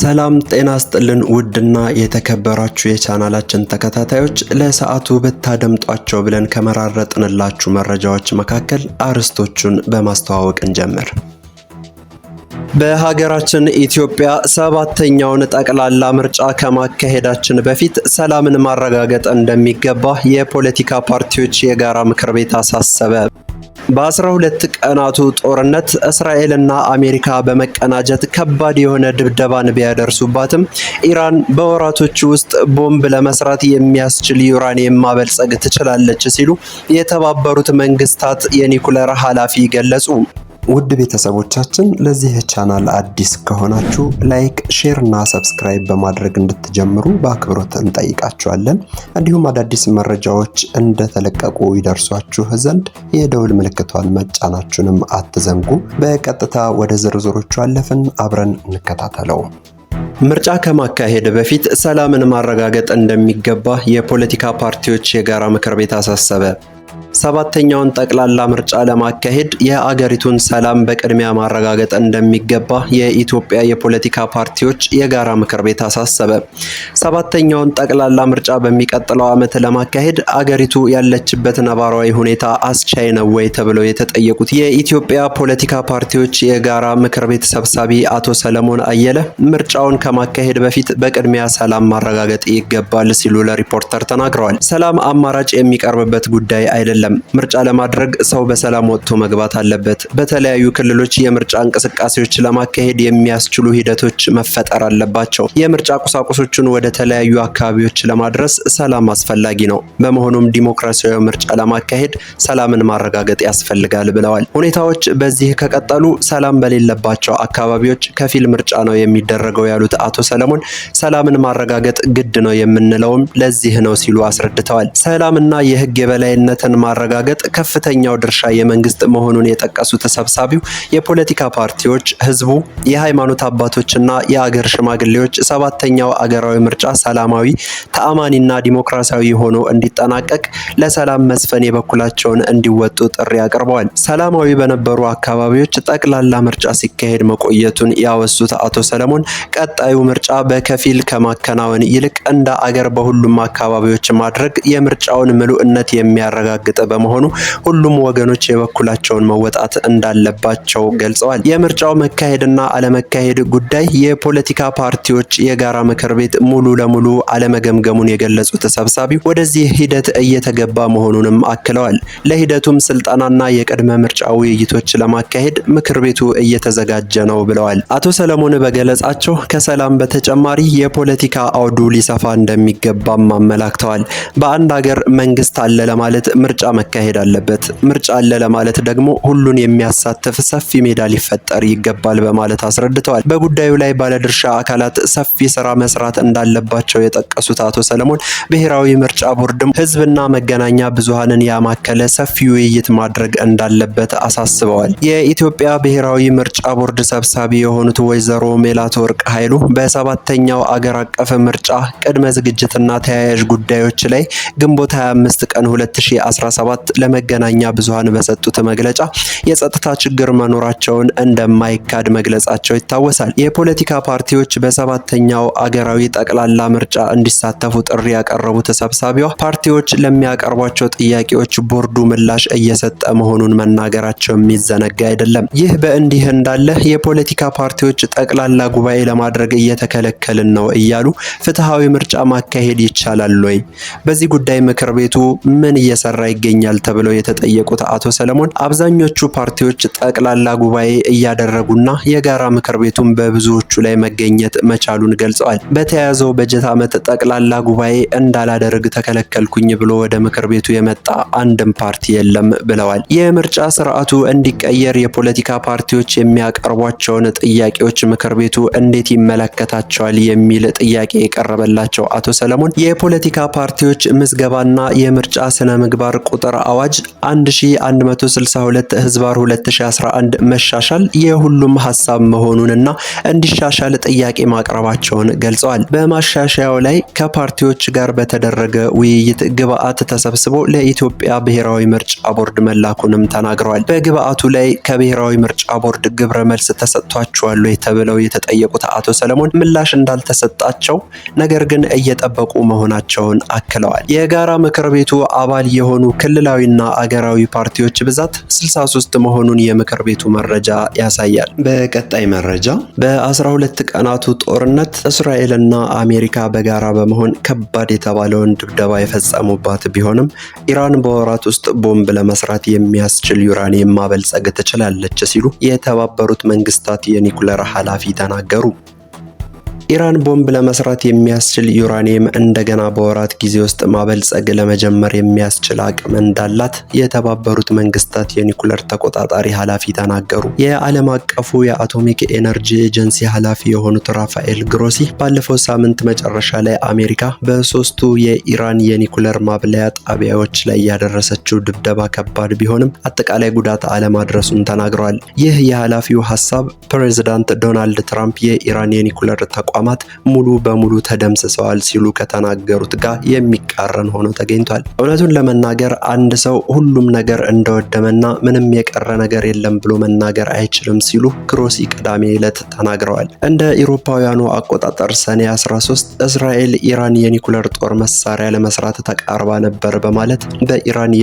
ሰላም ጤና ስጥልን ውድና የተከበራችሁ የቻናላችን ተከታታዮች ለሰዓቱ ብታደምጧቸው ብለን ከመራረጥንላችሁ መረጃዎች መካከል አርዕስቶቹን በማስተዋወቅ እንጀምር። በሀገራችን ኢትዮጵያ ሰባተኛውን ጠቅላላ ምርጫ ከማካሄዳችን በፊት ሰላምን ማረጋገጥ እንደሚገባ የፖለቲካ ፓርቲዎች የጋራ ምክር ቤት አሳሰበ። በአስራ ሁለት ቀናቱ ጦርነት እስራኤልና አሜሪካ በመቀናጀት ከባድ የሆነ ድብደባን ቢያደርሱባትም ኢራን በወራቶች ውስጥ ቦምብ ለመስራት የሚያስችል ዩራኒየም ማበልጸግ ትችላለች ሲሉ የተባበሩት መንግስታት የኒኩለር ኃላፊ ገለጹ። ውድ ቤተሰቦቻችን ለዚህ ቻናል አዲስ ከሆናችሁ ላይክ፣ ሼር እና ሰብስክራይብ በማድረግ እንድትጀምሩ በአክብሮት እንጠይቃችኋለን። እንዲሁም አዳዲስ መረጃዎች እንደተለቀቁ ይደርሷችሁ ዘንድ የደውል ምልክቷን መጫናችሁንም አትዘንጉ። በቀጥታ ወደ ዝርዝሮቹ አለፍን፣ አብረን እንከታተለው። ምርጫ ከማካሄድ በፊት ሰላምን ማረጋገጥ እንደሚገባ የፖለቲካ ፓርቲዎች የጋራ ምክር ቤት አሳሰበ። ሰባተኛውን ጠቅላላ ምርጫ ለማካሄድ የአገሪቱን ሰላም በቅድሚያ ማረጋገጥ እንደሚገባ የኢትዮጵያ የፖለቲካ ፓርቲዎች የጋራ ምክር ቤት አሳሰበ። ሰባተኛውን ጠቅላላ ምርጫ በሚቀጥለው ዓመት ለማካሄድ አገሪቱ ያለችበት ነባራዊ ሁኔታ አስቻይ ነው ወይ ተብለው የተጠየቁት የኢትዮጵያ ፖለቲካ ፓርቲዎች የጋራ ምክር ቤት ሰብሳቢ አቶ ሰለሞን አየለ ምርጫውን ከማካሄድ በፊት በቅድሚያ ሰላም ማረጋገጥ ይገባል ሲሉ ለሪፖርተር ተናግረዋል። ሰላም አማራጭ የሚቀርብበት ጉዳይ አይደለም አይደለም። ምርጫ ለማድረግ ሰው በሰላም ወጥቶ መግባት አለበት። በተለያዩ ክልሎች የምርጫ እንቅስቃሴዎች ለማካሄድ የሚያስችሉ ሂደቶች መፈጠር አለባቸው። የምርጫ ቁሳቁሶቹን ወደ ተለያዩ አካባቢዎች ለማድረስ ሰላም አስፈላጊ ነው። በመሆኑም ዲሞክራሲያዊ ምርጫ ለማካሄድ ሰላምን ማረጋገጥ ያስፈልጋል ብለዋል። ሁኔታዎች በዚህ ከቀጠሉ ሰላም በሌለባቸው አካባቢዎች ከፊል ምርጫ ነው የሚደረገው ያሉት አቶ ሰለሞን ሰላምን ማረጋገጥ ግድ ነው የምንለውም ለዚህ ነው ሲሉ አስረድተዋል። ሰላምና የህግ የበላይነትን ማ ማረጋገጥ ከፍተኛው ድርሻ የመንግስት መሆኑን የጠቀሱ ተሰብሳቢው የፖለቲካ ፓርቲዎች፣ ህዝቡ፣ የሃይማኖት አባቶችና የአገር ሽማግሌዎች ሰባተኛው አገራዊ ምርጫ ሰላማዊ፣ ተአማኒና ዲሞክራሲያዊ ሆኖ እንዲጠናቀቅ ለሰላም መስፈን የበኩላቸውን እንዲወጡ ጥሪ አቅርበዋል። ሰላማዊ በነበሩ አካባቢዎች ጠቅላላ ምርጫ ሲካሄድ መቆየቱን ያወሱት አቶ ሰለሞን ቀጣዩ ምርጫ በከፊል ከማከናወን ይልቅ እንደ አገር በሁሉም አካባቢዎች ማድረግ የምርጫውን ምሉዕነት የሚያረጋግጥ በመሆኑ ሁሉም ወገኖች የበኩላቸውን መወጣት እንዳለባቸው ገልጸዋል። የምርጫው መካሄድና አለመካሄድ ጉዳይ የፖለቲካ ፓርቲዎች የጋራ ምክር ቤት ሙሉ ለሙሉ አለመገምገሙን የገለጹት ተሰብሳቢ ወደዚህ ሂደት እየተገባ መሆኑንም አክለዋል። ለሂደቱም ስልጠናና የቅድመ ምርጫ ውይይቶች ለማካሄድ ምክር ቤቱ እየተዘጋጀ ነው ብለዋል። አቶ ሰለሞን በገለጻቸው ከሰላም በተጨማሪ የፖለቲካ አውዱ ሊሰፋ እንደሚገባም አመላክተዋል። በአንድ ሀገር መንግስት አለ ለማለት ምርጫ መካሄድ አለበት። ምርጫ አለ ለማለት ደግሞ ሁሉን የሚያሳትፍ ሰፊ ሜዳ ሊፈጠር ይገባል በማለት አስረድተዋል። በጉዳዩ ላይ ባለድርሻ አካላት ሰፊ ስራ መስራት እንዳለባቸው የጠቀሱት አቶ ሰለሞን ብሔራዊ ምርጫ ቦርድም ህዝብና መገናኛ ብዙሃንን ያማከለ ሰፊ ውይይት ማድረግ እንዳለበት አሳስበዋል። የኢትዮጵያ ብሔራዊ ምርጫ ቦርድ ሰብሳቢ የሆኑት ወይዘሮ ሜላትወርቅ ኃይሉ በሰባተኛው አገር አቀፍ ምርጫ ቅድመ ዝግጅትና ተያያዥ ጉዳዮች ላይ ግንቦት 25 ቀን 2017 ሰባት ለመገናኛ ብዙሃን በሰጡት መግለጫ የጸጥታ ችግር መኖራቸውን እንደማይካድ መግለጻቸው ይታወሳል። የፖለቲካ ፓርቲዎች በሰባተኛው አገራዊ ጠቅላላ ምርጫ እንዲሳተፉ ጥሪ ያቀረቡ ተሰብሳቢዋ ፓርቲዎች ለሚያቀርቧቸው ጥያቄዎች ቦርዱ ምላሽ እየሰጠ መሆኑን መናገራቸው የሚዘነጋ አይደለም። ይህ በእንዲህ እንዳለ የፖለቲካ ፓርቲዎች ጠቅላላ ጉባኤ ለማድረግ እየተከለከልን ነው እያሉ ፍትሐዊ ምርጫ ማካሄድ ይቻላል ወይ? በዚህ ጉዳይ ምክር ቤቱ ምን እየሰራ ይገኛል? ይገኛል ተብለው የተጠየቁት አቶ ሰለሞን አብዛኞቹ ፓርቲዎች ጠቅላላ ጉባኤ እያደረጉና የጋራ ምክር ቤቱን በብዙዎቹ ላይ መገኘት መቻሉን ገልጸዋል። በተያያዘው በጀት ዓመት ጠቅላላ ጉባኤ እንዳላደርግ ተከለከልኩኝ ብሎ ወደ ምክር ቤቱ የመጣ አንድም ፓርቲ የለም ብለዋል። የምርጫ ስርዓቱ እንዲቀየር የፖለቲካ ፓርቲዎች የሚያቀርቧቸውን ጥያቄዎች ምክር ቤቱ እንዴት ይመለከታቸዋል የሚል ጥያቄ የቀረበላቸው አቶ ሰለሞን የፖለቲካ ፓርቲዎች ምዝገባና የምርጫ ስነ ምግባር ቁጥር ቁጥር አዋጅ 1162 ህዝባር 2011 መሻሻል የሁሉም ሀሳብ መሆኑንና እንዲሻሻል ጥያቄ ማቅረባቸውን ገልጸዋል። በማሻሻያው ላይ ከፓርቲዎች ጋር በተደረገ ውይይት ግብአት ተሰብስቦ ለኢትዮጵያ ብሔራዊ ምርጫ ቦርድ መላኩንም ተናግረዋል። በግብአቱ ላይ ከብሔራዊ ምርጫ ቦርድ ግብረ መልስ ተሰጥቷቸዋል ተብለው የተጠየቁት አቶ ሰለሞን ምላሽ እንዳልተሰጣቸው ነገር ግን እየጠበቁ መሆናቸውን አክለዋል። የጋራ ምክር ቤቱ አባል የሆኑ ክልል ክልላዊና አገራዊ ፓርቲዎች ብዛት 63 መሆኑን የምክር ቤቱ መረጃ ያሳያል። በቀጣይ መረጃ በ12 ቀናቱ ጦርነት እስራኤልና አሜሪካ በጋራ በመሆን ከባድ የተባለውን ድብደባ የፈጸሙባት ቢሆንም ኢራን በወራት ውስጥ ቦምብ ለመስራት የሚያስችል ዩራኒየም ማበልጸግ ትችላለች ሲሉ የተባበሩት መንግስታት የኒኩለር ኃላፊ ተናገሩ። ኢራን ቦምብ ለመስራት የሚያስችል ዩራኒየም እንደገና በወራት ጊዜ ውስጥ ማበልጸግ ለመጀመር የሚያስችል አቅም እንዳላት የተባበሩት መንግስታት የኒኩለር ተቆጣጣሪ ኃላፊ ተናገሩ። የዓለም አቀፉ የአቶሚክ ኤነርጂ ኤጀንሲ ኃላፊ የሆኑት ራፋኤል ግሮሲ ባለፈው ሳምንት መጨረሻ ላይ አሜሪካ በሶስቱ የኢራን የኒኩለር ማብለያ ጣቢያዎች ላይ ያደረሰችው ድብደባ ከባድ ቢሆንም አጠቃላይ ጉዳት አለማድረሱን ተናግረዋል። ይህ የኃላፊው ሀሳብ ፕሬዚዳንት ዶናልድ ትራምፕ የኢራን የኒኩለር ተቋ ተቋማት ሙሉ በሙሉ ተደምስሰዋል ሲሉ ከተናገሩት ጋር የሚቃረን ሆኖ ተገኝቷል። እውነቱን ለመናገር አንድ ሰው ሁሉም ነገር እንደወደመና ምንም የቀረ ነገር የለም ብሎ መናገር አይችልም ሲሉ ክሮሲ ቅዳሜ ዕለት ተናግረዋል። እንደ ኢሮፓውያኑ አቆጣጠር ሰኔ 13 እስራኤል ኢራን የኒኩለር ጦር መሳሪያ ለመስራት ተቃርባ ነበር በማለት በኢራን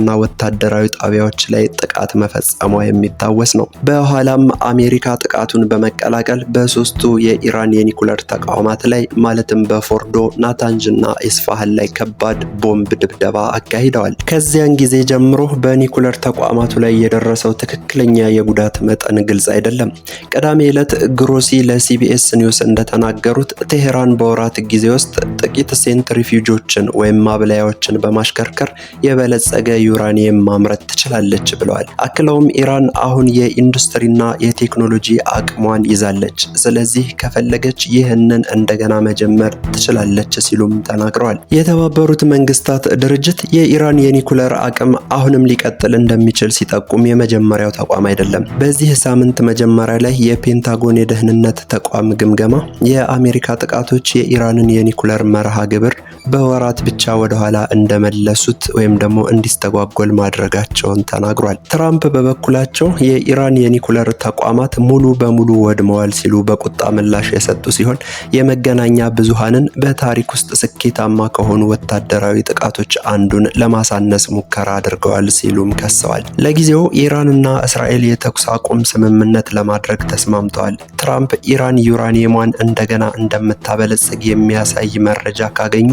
እና ወታደራዊ ጣቢያዎች ላይ ጥቃት መፈጸሟ የሚታወስ ነው። በኋላም አሜሪካ ጥቃቱን በመቀላቀል በሶስቱ የኢራን በኒኩለር ተቋማት ላይ ማለትም በፎርዶ ናታንጅ እና ኢስፋሃን ላይ ከባድ ቦምብ ድብደባ አካሂደዋል። ከዚያን ጊዜ ጀምሮ በኒኩለር ተቋማቱ ላይ የደረሰው ትክክለኛ የጉዳት መጠን ግልጽ አይደለም። ቅዳሜ ዕለት ግሮሲ ለሲቢኤስ ኒውስ እንደተናገሩት ቴሄራን በወራት ጊዜ ውስጥ ጥቂት ሴንትሪፊጆችን ወይም ማብላያዎችን በማሽከርከር የበለጸገ ዩራኒየም ማምረት ትችላለች ብለዋል። አክለውም ኢራን አሁን የኢንዱስትሪና የቴክኖሎጂ አቅሟን ይዛለች። ስለዚህ ከፈለገች ይህንን እንደገና መጀመር ትችላለች ሲሉም ተናግረዋል። የተባበሩት መንግስታት ድርጅት የኢራን የኒኩለር አቅም አሁንም ሊቀጥል እንደሚችል ሲጠቁም የመጀመሪያው ተቋም አይደለም። በዚህ ሳምንት መጀመሪያ ላይ የፔንታጎን የደህንነት ተቋም ግምገማ የአሜሪካ ጥቃቶች የኢራንን የኒኩለር መርሃ ግብር በወራት ብቻ ወደኋላ እንደመለሱት ወይም ደግሞ እንዲስተጓጎል ማድረጋቸውን ተናግሯል። ትራምፕ በበኩላቸው የኢራን የኒኩለር ተቋማት ሙሉ በሙሉ ወድመዋል ሲሉ በቁጣ ምላሽ የሰጡ ሲሆን የመገናኛ ብዙሃንን በታሪክ ውስጥ ስኬታማ ከሆኑ ወታደራዊ ጥቃቶች አንዱን ለማሳነስ ሙከራ አድርገዋል ሲሉም ከሰዋል። ለጊዜው ኢራንና እስራኤል የተኩስ አቁም ስምምነት ለማድረግ ተስማምተዋል። ትራምፕ ኢራን ዩራኒየሟን እንደገና እንደምታበለጽግ የሚያሳይ መረጃ ካገኙ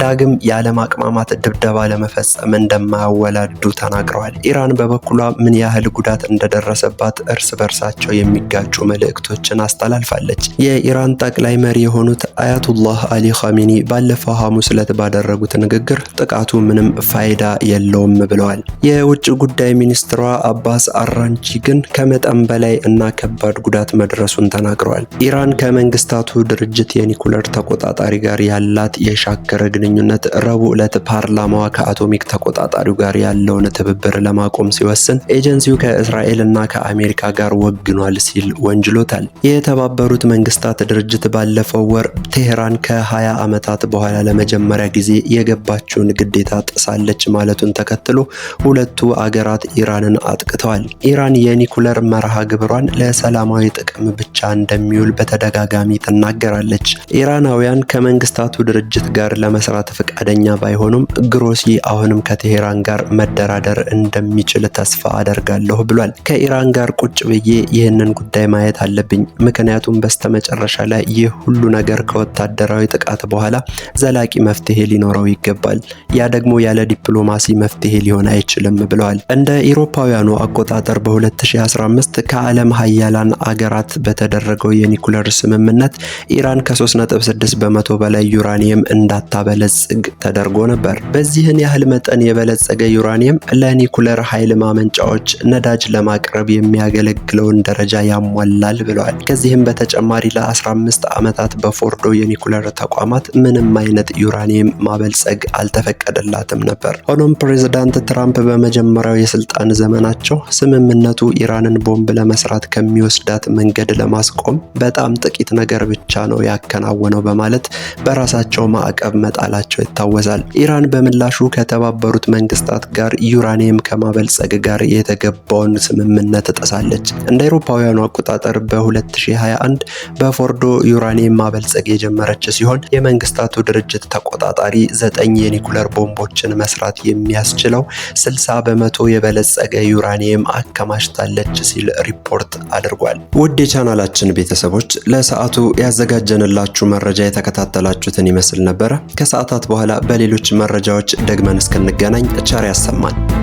ዳግም የዓለም አቅማማት ድብደባ ለመፈጸም እንደማያወላዱ ተናግረዋል። ኢራን በበኩሏ ምን ያህል ጉዳት እንደደረሰባት እርስ በርሳቸው የሚጋጩ መልእክቶችን አስተላልፋለች። የኢራን ጠቅላይ መሪ የሆኑት አያቱላህ አሊ ኻሚኒ ባለፈው ሐሙስ ዕለት ባደረጉት ንግግር ጥቃቱ ምንም ፋይዳ የለውም ብለዋል። የውጭ ጉዳይ ሚኒስትሯ አባስ አራንቺ ግን ከመጠን በላይ እና ከባድ ጉዳት መድረሱን ተናግረዋል። ኢራን ከመንግስታቱ ድርጅት የኒኩለር ተቆጣጣሪ ጋር ያላት የሻከረ ግንኙነት ረቡዕ ዕለት ፓርላማዋ ከአቶሚክ ተቆጣጣሪው ጋር ያለውን ትብብር ለማቆም ሲወስን ኤጀንሲው ከእስራኤል እና ከአሜሪካ ጋር ወግኗል ሲል ወንጅሎታል። የተባበሩት መንግስታት ድርጅት ድርጅት ባለፈው ወር ቴህራን ከ20 ዓመታት በኋላ ለመጀመሪያ ጊዜ የገባችውን ግዴታ ጥሳለች ማለቱን ተከትሎ ሁለቱ አገራት ኢራንን አጥቅተዋል። ኢራን የኒኩለር መርሃ ግብሯን ለሰላማዊ ጥቅም ብቻ እንደሚውል በተደጋጋሚ ትናገራለች። ኢራናውያን ከመንግስታቱ ድርጅት ጋር ለመስራት ፈቃደኛ ባይሆኑም ግሮሲ አሁንም ከቴሄራን ጋር መደራደር እንደሚችል ተስፋ አደርጋለሁ ብሏል። ከኢራን ጋር ቁጭ ብዬ ይህንን ጉዳይ ማየት አለብኝ፣ ምክንያቱም በስተመጨረሻ ላይ ይህ ሁሉ ነገር ከወታደራዊ ጥቃት በኋላ ዘላቂ መፍትሄ ሊኖረው ይገባል። ያ ደግሞ ያለ ዲፕሎማሲ መፍትሄ ሊሆን አይችልም ብለዋል። እንደ ኢሮፓውያኑ አቆጣጠር በ2015 ከዓለም ሀያላን አገራት በተደረገው የኒኩለር ስምምነት ኢራን ከ3.6 በመቶ በላይ ዩራኒየም እንዳታበለጽግ ተደርጎ ነበር። በዚህን ያህል መጠን የበለጸገ ዩራኒየም ለኒኩለር ኃይል ማመንጫዎች ነዳጅ ለማቅረብ የሚያገለግለውን ደረጃ ያሟላል ብለዋል። ከዚህም በተጨማሪ ለ15 አምስት ዓመታት በፎርዶ የኒኩለር ተቋማት ምንም አይነት ዩራኒየም ማበልጸግ አልተፈቀደላትም ነበር። ሆኖም ፕሬዝዳንት ትራምፕ በመጀመሪያው የስልጣን ዘመናቸው ስምምነቱ ኢራንን ቦምብ ለመስራት ከሚወስዳት መንገድ ለማስቆም በጣም ጥቂት ነገር ብቻ ነው ያከናወነው በማለት በራሳቸው ማዕቀብ መጣላቸው ይታወሳል። ኢራን በምላሹ ከተባበሩት መንግስታት ጋር ዩራኒየም ከማበልጸግ ጋር የተገባውን ስምምነት ጥሳለች። እንደ አውሮፓውያኑ አቆጣጠር በ2021 በፎርዶ ዩራኒየም ማበልጸግ የጀመረች ሲሆን የመንግስታቱ ድርጅት ተቆጣጣሪ ዘጠኝ የኒኩለር ቦምቦችን መስራት የሚያስችለው 60 በመቶ የበለጸገ ዩራኒየም አከማችታለች ሲል ሪፖርት አድርጓል። ውድ የቻናላችን ቤተሰቦች ለሰዓቱ ያዘጋጀንላችሁ መረጃ የተከታተላችሁትን ይመስል ነበረ። ከሰዓታት በኋላ በሌሎች መረጃዎች ደግመን እስክንገናኝ ቸር ያሰማን።